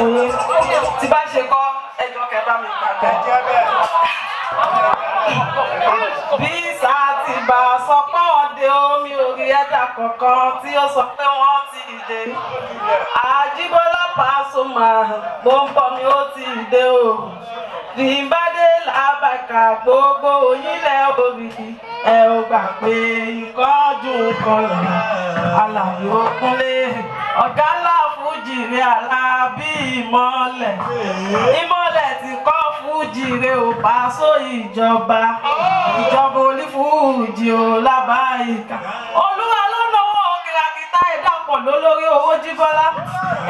fún yín tí bá ṣe kọ́ ẹjọ́ kẹ bá mi kàkẹ́. bí sáà ti bá a sọ pé ọdẹ omi orí ẹ̀dà kankan tí ó sọ pé wọ́n ti dìde àjíbọ́lá Pasuma gbọ́ngbọ́n mi ó ti dìde o rìbádé làbàkà gbogbo onílẹ̀ orí ẹ ò gbà pé nǹkan ju nǹkan lọ àlàyé òkúnlé ọ̀gá jèrè Alábí ìmọ̀lẹ̀ ìmọ̀lẹ̀ ti kọ́ fújìrè ò Paso ìjọba ìjọba olífújì ò lábáyìíká olúwa ló náwó kìràkìtà ìdàpọ̀ lólórí owó jíbọ́lá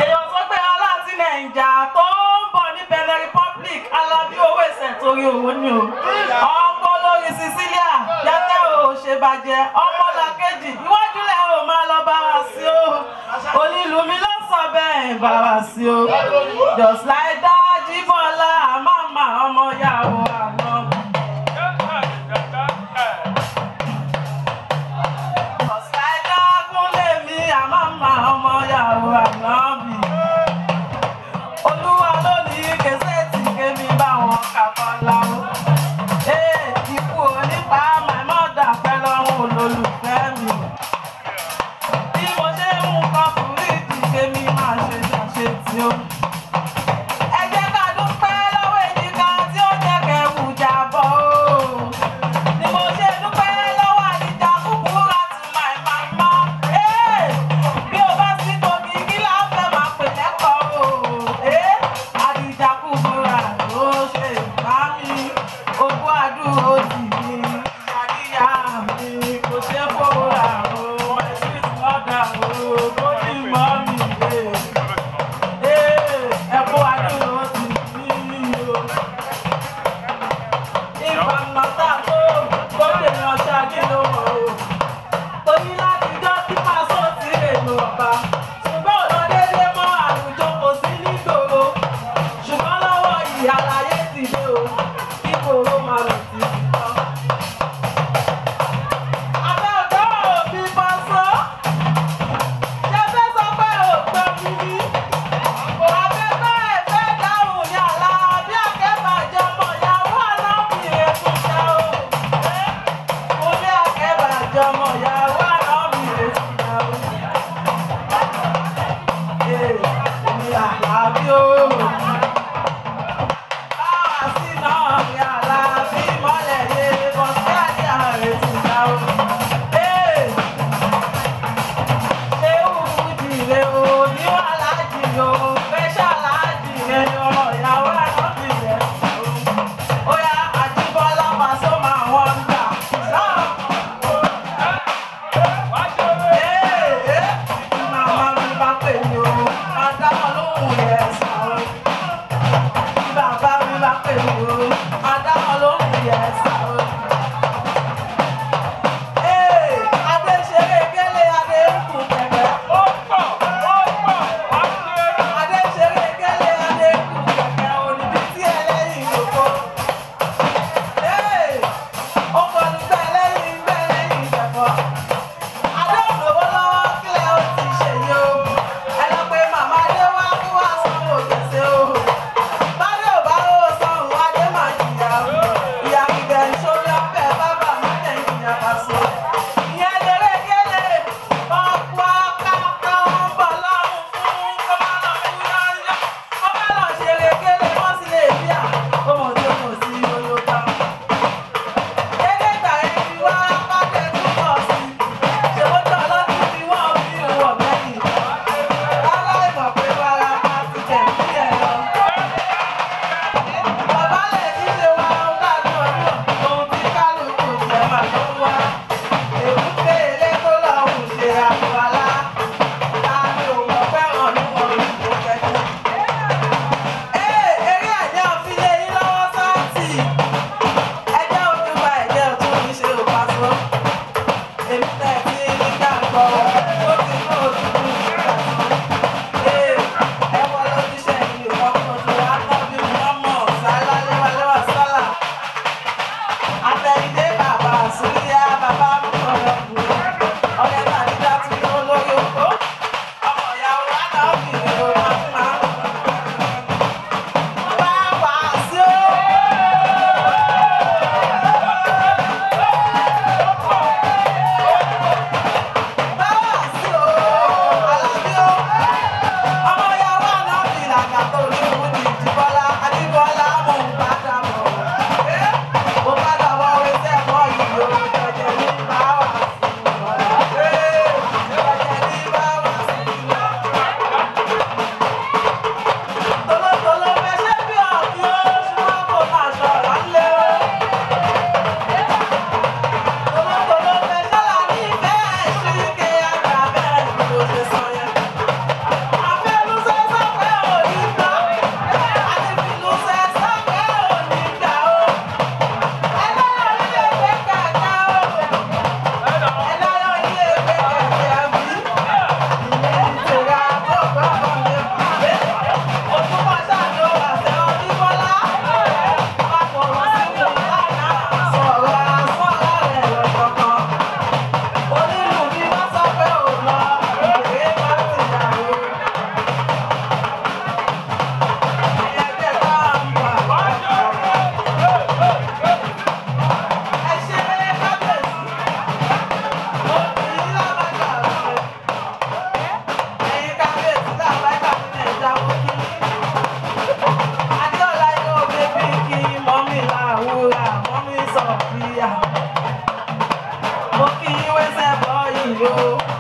èèyàn tó gbéra láti nàìjà tó ń bọ̀ ní Benin Republic Alábí owó ìsẹ̀ torí owó ni o ọkọ olórí Sicilia yàtẹ̀ ò ṣe bàjẹ́ ọmọlàkejì iwájú lẹ́ ò máa lọ bá wa sí o onílùmí lọ́wọ́ sọ bẹ́ẹ̀ just like everybody. Mo kí wẹ́sẹ̀ bọ́ yìí o.